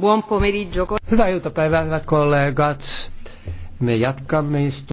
Buon pomeriggio. Hyvää iltapäivää, hyvät kollegat. Me jatkamme istuntoa.